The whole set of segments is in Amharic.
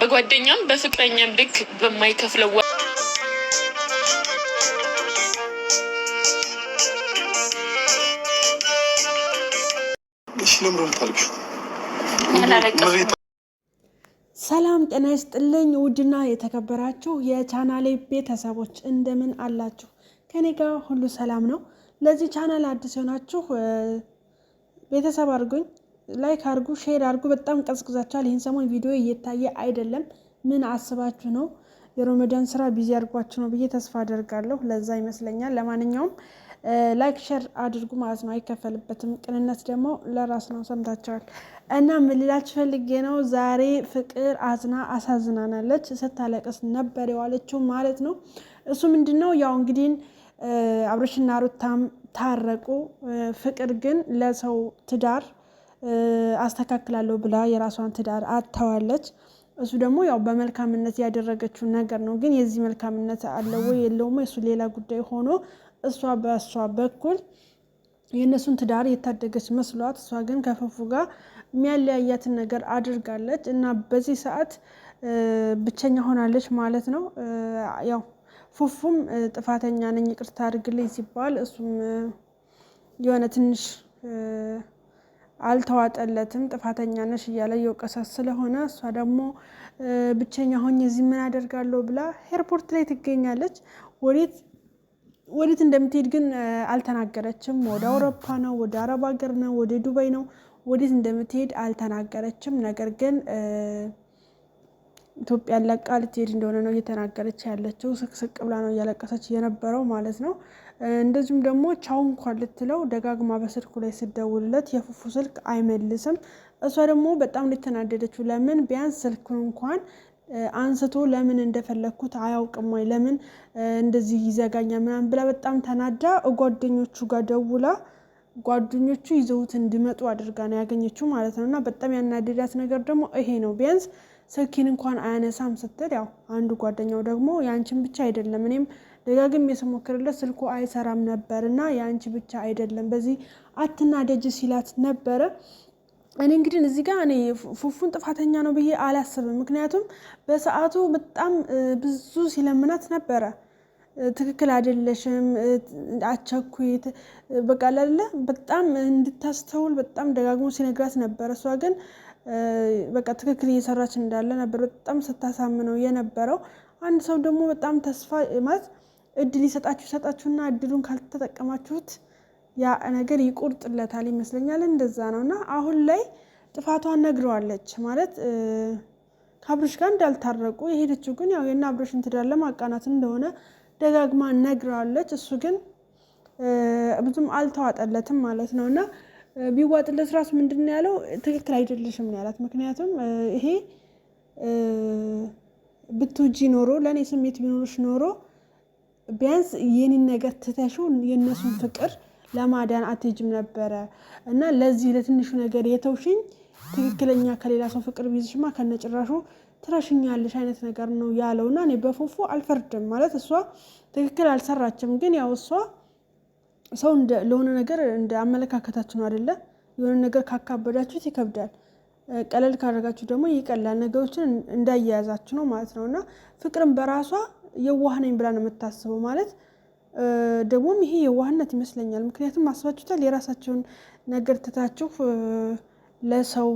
በጓደኛም በፍቅረኛም ልክ በማይከፍለው ሰላም ጤና ይስጥልኝ። ውድና የተከበራችሁ የቻናሌ ቤተሰቦች እንደምን አላችሁ? ከኔ ጋር ሁሉ ሰላም ነው። ለዚህ ቻናል አዲስ የሆናችሁ ቤተሰብ አድርጎኝ? ላይክ አድርጉ፣ ሼር አድርጉ። በጣም ቀዝቅዛችኋል። ይህን ሰሞን ቪዲዮ እየታየ አይደለም። ምን አስባችሁ ነው? የሮመዳን ስራ ቢዚ አድርጓችሁ ነው ብዬ ተስፋ አደርጋለሁ። ለዛ ይመስለኛል። ለማንኛውም ላይክ ሸር አድርጉ ማለት ነው፣ አይከፈልበትም። ቅንነት ደግሞ ለራስ ነው። ሰምታቸዋል እና ምልላችሁ ፈልጌ ነው። ዛሬ ፍቅር አዝና አሳዝናናለች። ስታለቅስ ነበር የዋለችው ማለት ነው። እሱ ምንድን ነው ያው እንግዲህ አብረሽና ሩታም ታረቁ። ፍቅር ግን ለሰው ትዳር አስተካክላለሁ ብላ የራሷን ትዳር አታዋለች። እሱ ደግሞ ያው በመልካምነት ያደረገችው ነገር ነው። ግን የዚህ መልካምነት አለው ወይ የለውም እሱ ሌላ ጉዳይ ሆኖ እሷ በእሷ በኩል የእነሱን ትዳር የታደገች መስሏት፣ እሷ ግን ከፈፉ ጋር የሚያለያያትን ነገር አድርጋለች እና በዚህ ሰዓት ብቸኛ ሆናለች ማለት ነው። ያው ፉፉም ጥፋተኛ ነኝ ይቅርታ አድርግልኝ ሲባል እሱም የሆነ ትንሽ አልተዋጠለትም። ጥፋተኛ ነሽ እያለ እየወቀሳት ስለሆነ እሷ ደግሞ ብቸኛ ሆኜ እዚህ ምን አደርጋለሁ ብላ ኤርፖርት ላይ ትገኛለች። ወዴት ወዴት እንደምትሄድ ግን አልተናገረችም። ወደ አውሮፓ ነው፣ ወደ አረብ ሀገር ነው፣ ወደ ዱባይ ነው፣ ወዴት እንደምትሄድ አልተናገረችም። ነገር ግን ኢትዮጵያን ለቃ ልትሄድ እንደሆነ ነው እየተናገረች ያለችው። ስቅስቅ ብላ ነው እያለቀሰች የነበረው ማለት ነው። እንደዚሁም ደግሞ ቻው እንኳን ልትለው ደጋግማ በስልኩ ላይ ስደውልለት የፉፉ ስልክ አይመልስም። እሷ ደግሞ በጣም ሊተናደደችው ለምን ቢያንስ ስልክ እንኳን አንስቶ ለምን እንደፈለግኩት አያውቅም ወይ ለምን እንደዚህ ይዘጋኛል ምናምን ብላ በጣም ተናዳ ጓደኞቹ ጋር ደውላ ጓደኞቹ ይዘውት እንዲመጡ አድርጋ ነው ያገኘችው ማለት ነው። እና በጣም ያናደዳት ነገር ደግሞ ይሄ ነው። ቢያንስ ስልኪን እንኳን አያነሳም ስትል ያው አንዱ ጓደኛው ደግሞ ያንቺን ብቻ አይደለም እኔም ደጋግሜ ስሞክርለት ስልኩ አይሰራም ነበር እና የአንቺ ብቻ አይደለም በዚህ አትናደጅ ሲላት ነበረ። እኔ እንግዲህ እዚህ ጋር እኔ ፉፉን ጥፋተኛ ነው ብዬ አላስብም። ምክንያቱም በሰዓቱ በጣም ብዙ ሲለምናት ነበረ። ትክክል አይደለሽም፣ አቸኩት በቃ ላለ በጣም እንድታስተውል በጣም ደጋግሞ ሲነግራት ነበረ። እሷ ግን በቃ ትክክል እየሰራች እንዳለ ነበር በጣም ስታሳምነው የነበረው። አንድ ሰው ደግሞ በጣም ተስፋ ማለት እድል ይሰጣችሁ ይሰጣችሁና እድሉን ካልተጠቀማችሁት ያ ነገር ይቆርጥለታል ይመስለኛል። እንደዛ ነው እና አሁን ላይ ጥፋቷን ነግረዋለች ማለት ከአብርሽ ጋር እንዳልታረቁ የሄደችው ግን ያው የና አብርሽን ትዳር ለማቃናት እንደሆነ ደጋግማ ነግረዋለች። እሱ ግን ብዙም አልተዋጠለትም ማለት ነው እና ቢዋጥለት ራሱ ምንድን ያለው ትክክል አይደለሽም ነው ያላት። ምክንያቱም ይሄ ብትውጂ ኖሮ ለእኔ ስሜት ቢኖርሽ ኖሮ ቢያንስ ይህንን ነገር ትተሽው የእነሱን ፍቅር ለማዳን አትሄጂም ነበረ እና ለዚህ ለትንሹ ነገር የተውሽኝ ትክክለኛ ከሌላ ሰው ፍቅር ቢይዝሽማ ከነጭራሹ ትረሽኛለሽ አይነት ነገር ነው ያለው እና እኔ በፎፎ አልፈርድም። ማለት እሷ ትክክል አልሰራችም፣ ግን ያው እሷ ሰው ለሆነ ነገር እንደ አመለካከታችሁ ነው አደለ? የሆነ ነገር ካካበዳችሁት ይከብዳል፣ ቀለል ካደረጋችሁ ደግሞ ይቀላል። ነገሮችን እንዳያያዛችሁ ነው ማለት ነው እና ፍቅርን በራሷ የዋህ ነኝ ብላ ነው የምታስበው ማለት ደግሞም ይሄ የዋህነት ይመስለኛል። ምክንያቱም አስባችሁታል የራሳቸውን ነገር ትታችሁ ለሰው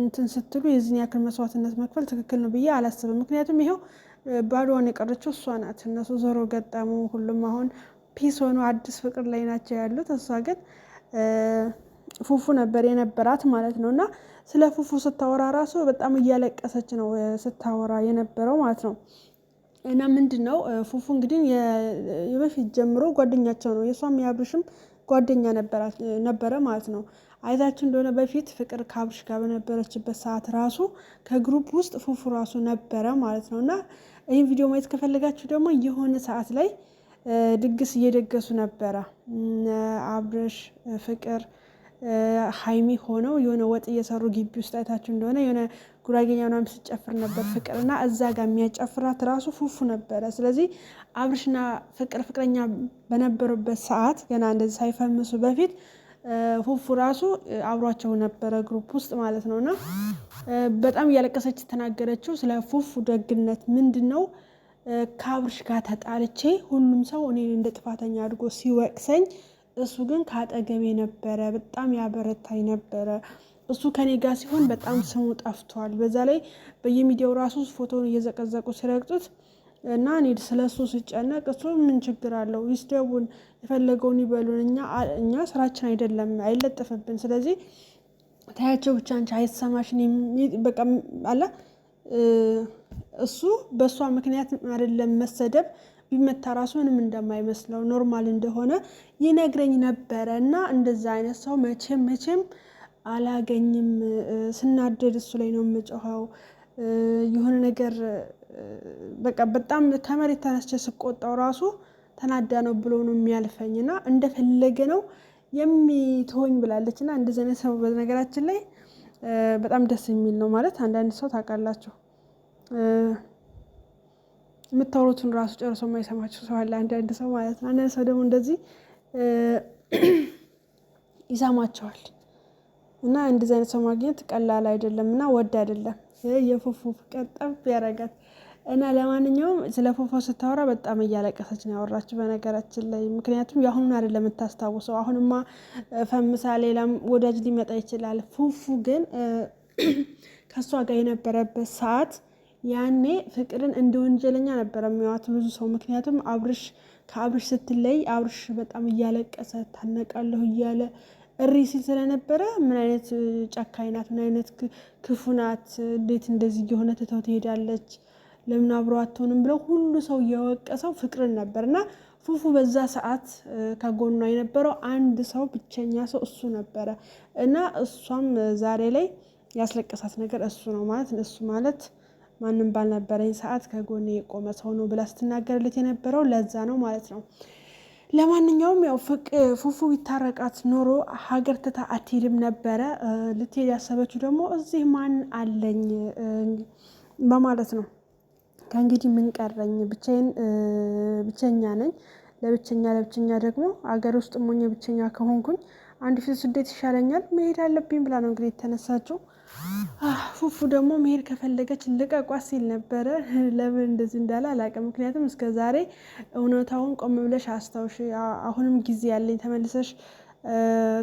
እንትን ስትሉ የዚህን ያክል መስዋዕትነት መክፈል ትክክል ነው ብዬ አላስብም። ምክንያቱም ይኸው ባዶዋን የቀረችው እሷ ናት። እነሱ ዞሮ ገጠሙ፣ ሁሉም አሁን ፒስ ሆኖ አዲስ ፍቅር ላይ ናቸው ያሉት። እሷ ግን ፉፉ ነበር የነበራት ማለት ነው። እና ስለ ፉፉ ስታወራ ራሱ በጣም እያለቀሰች ነው ስታወራ የነበረው ማለት ነው። እና ምንድን ነው ፉፉ እንግዲህ የበፊት ጀምሮ ጓደኛቸው ነው። የእሷም የአብርሽም ጓደኛ ነበረ ማለት ነው። አይታችን እንደሆነ በፊት ፍቅር ከአብርሽ ጋር በነበረችበት ሰዓት ራሱ ከግሩፕ ውስጥ ፉፉ ራሱ ነበረ ማለት ነው። እና ይህን ቪዲዮ ማየት ከፈለጋችሁ ደግሞ የሆነ ሰዓት ላይ ድግስ እየደገሱ ነበረ አብርሽ፣ ፍቅር፣ ሀይሚ ሆነው የሆነ ወጥ እየሰሩ ግቢ ውስጥ አይታችሁ እንደሆነ የሆነ ጉራጌኛ ምናምን ስትጨፍር ነበር ፍቅር እና እዛ ጋር የሚያጨፍራት ራሱ ፉፉ ነበረ። ስለዚህ አብርሽና ፍቅር ፍቅረኛ በነበሩበት ሰዓት ገና እንደዚህ ሳይፈምሱ በፊት ፉፉ ራሱ አብሯቸው ነበረ ግሩፕ ውስጥ ማለት ነው። እና በጣም እያለቀሰች የተናገረችው ስለ ፉፉ ደግነት ምንድን ነው ከአብርሽ ጋር ተጣልቼ ሁሉም ሰው እኔን እንደ ጥፋተኛ አድርጎ ሲወቅሰኝ፣ እሱ ግን ከአጠገቤ ነበረ፣ በጣም ያበረታኝ ነበረ እሱ ከኔ ጋር ሲሆን በጣም ስሙ ጠፍቷል። በዛ ላይ በየሚዲያው ራሱ ፎቶን እየዘቀዘቁ ሲረግጡት እና እኔ ስለ እሱ ስጨነቅ እሱ ምን ችግር አለው? ይስደቡን፣ የፈለገውን ይበሉን። እኛ ስራችን አይደለም አይለጥፍብን። ስለዚህ ታያቸው ብቻ አንቺ አይሰማሽን በቃ አለ እሱ በእሷ ምክንያት አይደለም መሰደብ ቢመታ ራሱ ምንም እንደማይመስለው ኖርማል እንደሆነ ይነግረኝ ነበረ እና እንደዛ አይነት ሰው መቼም መቼም አላገኝም። ስናደድ እሱ ላይ ነው የምጮኸው። የሆነ ነገር በቃ በጣም ከመሬት ተነስቼ ስቆጣው ራሱ ተናዳ ነው ብሎ ነው የሚያልፈኝ እና እንደፈለገ ነው የሚትሆኝ ብላለች። እና እንደዚህ አይነት ሰው በነገራችን ላይ በጣም ደስ የሚል ነው ማለት አንዳንድ ሰው ታውቃላችሁ የምታወሩትን ራሱ ጨርሶ የማይሰማችሁ ሰው አለ፣ አንዳንድ ሰው ማለት ነው። አንዳንድ ሰው ደግሞ እንደዚህ ይሰማቸዋል። እና እንደዚህ አይነት ሰው ማግኘት ቀላል አይደለም እና ወድ አይደለም። የፉፉ ፍቅር ጠብ ያደርጋት እና ለማንኛውም ስለ ፉፉ ስታወራ በጣም እያለቀሰች ነው ያወራችው በነገራችን ላይ ምክንያቱም የአሁኑን አይደለም የምታስታውሰው። አሁንማ ፈምሳ ሌላም ወዳጅ ሊመጣ ይችላል። ፉፉ ግን ከእሷ ጋር የነበረበት ሰዓት ያኔ ፍቅርን እንደ ወንጀለኛ ነበረ የሚያዋት ብዙ ሰው። ምክንያቱም አብርሽ ከአብርሽ ስትለይ አብርሽ በጣም እያለቀሰ ታነቃለሁ እያለ እሪ ሲል ስለነበረ ምን አይነት ጨካኝ ናት፣ ምን አይነት ክፉ ናት፣ እንዴት እንደዚህ የሆነ ትተው ትሄዳለች፣ ለምን አብሮ አትሆንም ብለው ሁሉ ሰው እየወቀሰው ፍቅርን ነበር እና ፉፉ በዛ ሰዓት ከጎኗ የነበረው አንድ ሰው ብቸኛ ሰው እሱ ነበረ እና እሷም ዛሬ ላይ ያስለቀሳት ነገር እሱ ነው ማለት እሱ ማለት ማንም ባልነበረኝ ሰዓት ከጎኔ የቆመ ሰው ነው ብላ ስትናገርለት የነበረው ለዛ ነው ማለት ነው። ለማንኛውም ያው ፉፉ ቢታረቃት ኖሮ ሀገር ትታ አትሄድም ነበረ። ልትሄድ ያሰበችው ደግሞ እዚህ ማን አለኝ በማለት ነው። ከእንግዲህ ምን ቀረኝ፣ ብቸኛ ነኝ። ለብቸኛ ለብቸኛ ደግሞ አገር ውስጥ ሞኝ ብቸኛ ከሆንኩኝ አንድ ፊት ስደት ይሻለኛል መሄድ አለብኝ ብላ ነው እንግዲህ የተነሳችው። ፉፉ ደግሞ መሄድ ከፈለገች ልቀቋት ሲል ነበረ። ለምን እንደዚህ እንዳለ አላውቅም። ምክንያቱም እስከ ዛሬ እውነታውን ቆም ብለሽ አስታውሽ፣ አሁንም ጊዜ ያለኝ ተመልሰሽ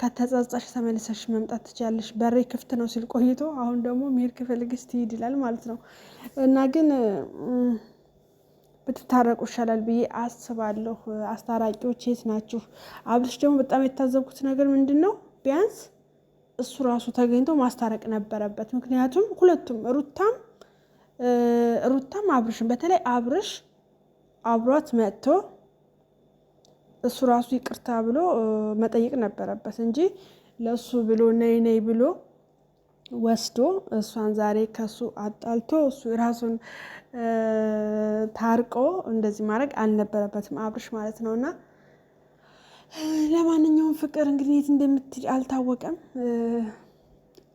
ከተጻጻሽ ተመልሰሽ መምጣት ትችላለሽ፣ በሬ ክፍት ነው ሲል ቆይቶ አሁን ደግሞ መሄድ ከፈለገች ትሄድ ይላል ማለት ነው እና ግን ብትታረቁ ይሻላል ብዬ አስባለሁ። አስታራቂዎች የት ናችሁ? አብርሽ ደግሞ በጣም የታዘብኩት ነገር ምንድን ነው ቢያንስ እሱ ራሱ ተገኝቶ ማስታረቅ ነበረበት። ምክንያቱም ሁለቱም ሩታም ሩታም አብርሽን በተለይ አብርሽ አብሯት መጥቶ እሱ ራሱ ይቅርታ ብሎ መጠየቅ ነበረበት እንጂ ለእሱ ብሎ ነይ ነይ ብሎ ወስዶ እሷን ዛሬ ከሱ አጣልቶ እሱ ራሱን ታርቆ እንደዚህ ማድረግ አልነበረበትም አብርሽ ማለት ነው እና ለማንኛውም ፍቅር እንግዲህ የት እንደምትሄድ አልታወቀም።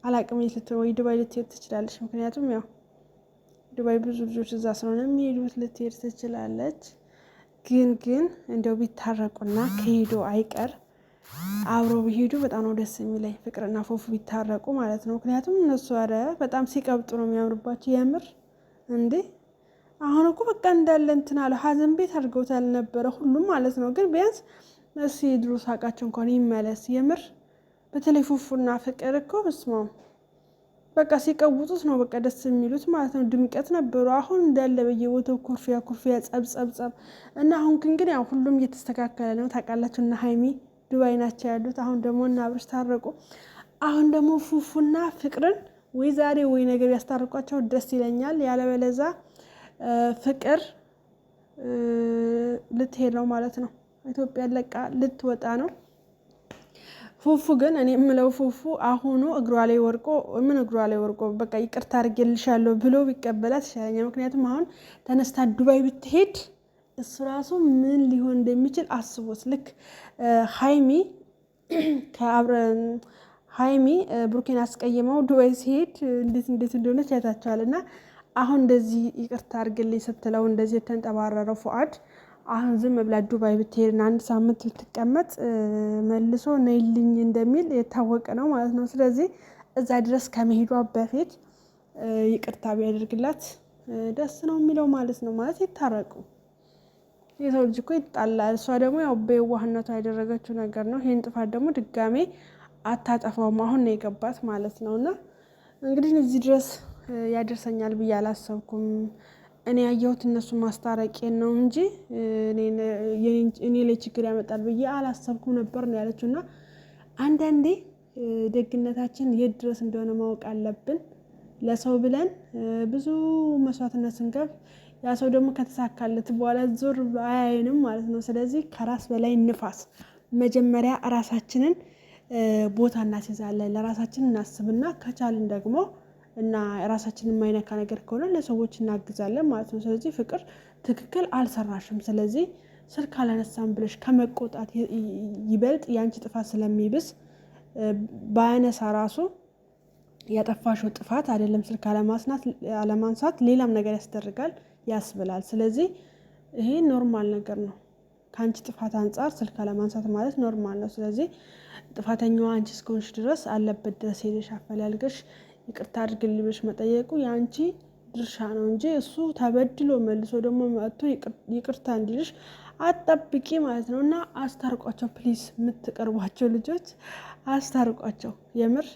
አላቅም የት ወይ ዱባይ ልትሄድ ትችላለች። ምክንያቱም ያው ዱባይ ብዙ ልጆች እዛ ስለሆነ የሚሄዱት ልትሄድ ትችላለች። ግን ግን እንደው ቢታረቁና ከሄዶ አይቀር አብሮ ቢሄዱ በጣም ነው ደስ የሚለኝ፣ ፍቅርና ፎፉ ቢታረቁ ማለት ነው። ምክንያቱም እነሱ አረ በጣም ሲቀብጡ ነው የሚያምርባቸው። የምር እንዴ አሁን እኮ በቃ እንዳለ እንትን አለ ሀዘን ቤት አድርገውታል ነበረ ሁሉም ማለት ነው። ግን ቢያንስ መሲ ድሮ ሳቃቸው እንኳን ይመለስ። የምር በተለይ ፉፉና ፍቅር እኮ በስመ አብ በቃ ሲቀውጡት ነው በቃ ደስ የሚሉት ማለት ነው። ድምቀት ነበሩ። አሁን እንዳለ በየቦታው ኩርፊያ ኩርፊያ፣ ጸብጸብጸብ እና አሁን ግን ግን ያው ሁሉም እየተስተካከለ ነው ታውቃላችሁ። እና ሀይሚ ዱባይ ናቸው ያሉት። አሁን ደግሞ እና አብርሽ ታረቁ። አሁን ደግሞ ፉፉና ፍቅርን ወይ ዛሬ ወይ ነገር ያስታርቋቸው ደስ ይለኛል። ያለበለዛ ፍቅር ልትሄድ ነው ማለት ነው። ኢትዮጵያ ለቃ ልትወጣ ነው። ፉፉ ግን እኔ የምለው ፉፉ አሁኑ እግሯ ላይ ወርቆ ምን እግሯ ላይ ወርቆ በቃ ይቅርታ አድርጌልሻለሁ ብሎ ቢቀበላት ይሻለኛል። ምክንያቱም አሁን ተነስታ ዱባይ ብትሄድ እሱ ራሱ ምን ሊሆን እንደሚችል አስቦት ልክ ሀይሚ ከአብረ ሀይሚ ብሩኬን አስቀይመው ዱባይ ሲሄድ እንዴት እንዴት እንደሆነች ያታቸዋል። እና አሁን እንደዚህ ይቅርታ አድርግልኝ ስትለው እንደዚህ የተንጠባረረው ፉአድ አሁን ዝም ብላ ዱባይ ብትሄድና አንድ ሳምንት ብትቀመጥ መልሶ ነይልኝ እንደሚል የታወቀ ነው ማለት ነው። ስለዚህ እዛ ድረስ ከመሄዷ በፊት ይቅርታ ቢያደርግላት ደስ ነው የሚለው ማለት ነው። ማለት ይታረቁ። የሰው ልጅ እኮ ይጣላል። እሷ ደግሞ ያው በየዋህነቷ ያደረገችው ነገር ነው። ይህን ጥፋት ደግሞ ድጋሜ አታጠፋውም። አሁን ነው የገባት ማለት ነው። እና እንግዲህ እዚህ ድረስ ያደርሰኛል ብዬ አላሰብኩም። እኔ ያየሁት እነሱ ማስታረቂን ነው እንጂ እኔ ላይ ችግር ያመጣል ብዬ አላሰብኩም ነበር ነው ያለችው። እና አንዳንዴ ደግነታችን የት ድረስ እንደሆነ ማወቅ አለብን። ለሰው ብለን ብዙ መስዋዕትነት ስንገብ ያ ሰው ደግሞ ከተሳካለት በኋላ ዞር አያይንም ማለት ነው። ስለዚህ ከራስ በላይ ንፋስ። መጀመሪያ ራሳችንን ቦታ እናስይዛለን። ለራሳችን እናስብና ከቻልን ደግሞ እና ራሳችን የማይነካ ነገር ከሆነ ለሰዎች እናግዛለን ማለት ነው። ስለዚህ ፍቅር ትክክል አልሰራሽም፣ ስለዚህ ስልክ አላነሳም ብለሽ ከመቆጣት ይበልጥ የአንቺ ጥፋት ስለሚብስ ባያነሳ ራሱ ያጠፋሽው ጥፋት አይደለም ስልክ አለማንሳት ሌላም ነገር ያስደርጋል ያስብላል። ስለዚህ ይሄ ኖርማል ነገር ነው። ከአንቺ ጥፋት አንጻር ስልክ አለማንሳት ማለት ኖርማል ነው። ስለዚህ ጥፋተኛዋ አንቺ እስከሆንሽ ድረስ አለበት ድረስ ሄደሽ አፈላልገሽ ይቅርታ አድርግልኝ ብለሽ መጠየቁ የአንቺ ድርሻ ነው እንጂ እሱ ተበድሎ መልሶ ደግሞ መጥቶ ይቅርታ እንዲልሽ አጠብቂ ማለት ነው። እና አስታርቋቸው ፕሊስ፣ የምትቀርቧቸው ልጆች አስታርቋቸው። የምር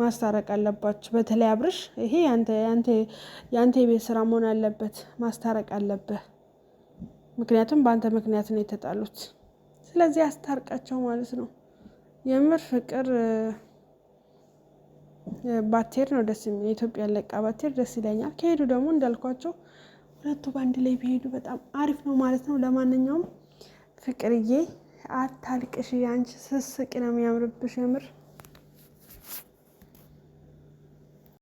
ማስታረቅ አለባቸው። በተለይ አብርሽ፣ ይሄ የአንተ የቤት ስራ መሆን አለበት። ማስታረቅ አለበት ምክንያቱም በአንተ ምክንያት ነው የተጣሉት። ስለዚህ አስታርቃቸው ማለት ነው። የምር ፍቅር ባቴር ነው ደስ የሚል የኢትዮጵያ ለቃ ባቴር ደስ ይለኛል። ከሄዱ ደግሞ እንዳልኳቸው ሁለቱ በአንድ ላይ ቢሄዱ በጣም አሪፍ ነው ማለት ነው። ለማንኛውም ፍቅርዬ አታልቅሽ፣ ያንቺ ስስቅ ነው የሚያምርብሽ የምር